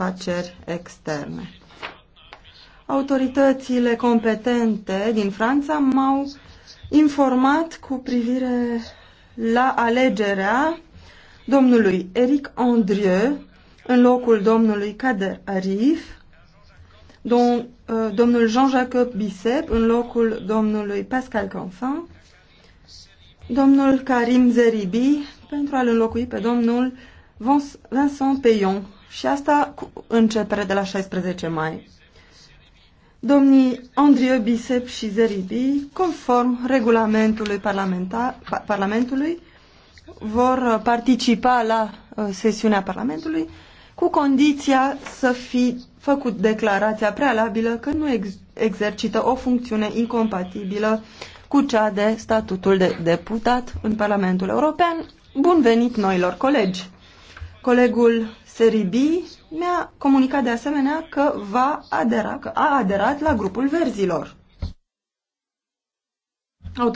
afaceri externe. Autoritățile competente din Franța m-au informat cu privire la alegerea domnului Eric Andrieu în locul domnului Kader Arif, dom uh, domnul Jean-Jacques Bisep în locul domnului Pascal Canfin, domnul Karim Zeribi pentru a-l înlocui pe domnul Vincent Peillon și asta cu începere de la 16 mai. Domnii Andrieu Bisep și Zeribi, conform regulamentului Parlamentului, vor participa la uh, sesiunea Parlamentului cu condiția să fi făcut declarația prealabilă că nu ex exercită o funcțiune incompatibilă cu cea de statutul de deputat în Parlamentul European. Bun venit noilor colegi! Colegul Seribi mi-a comunicat de asemenea că va adera, că a aderat la grupul verzilor. Autor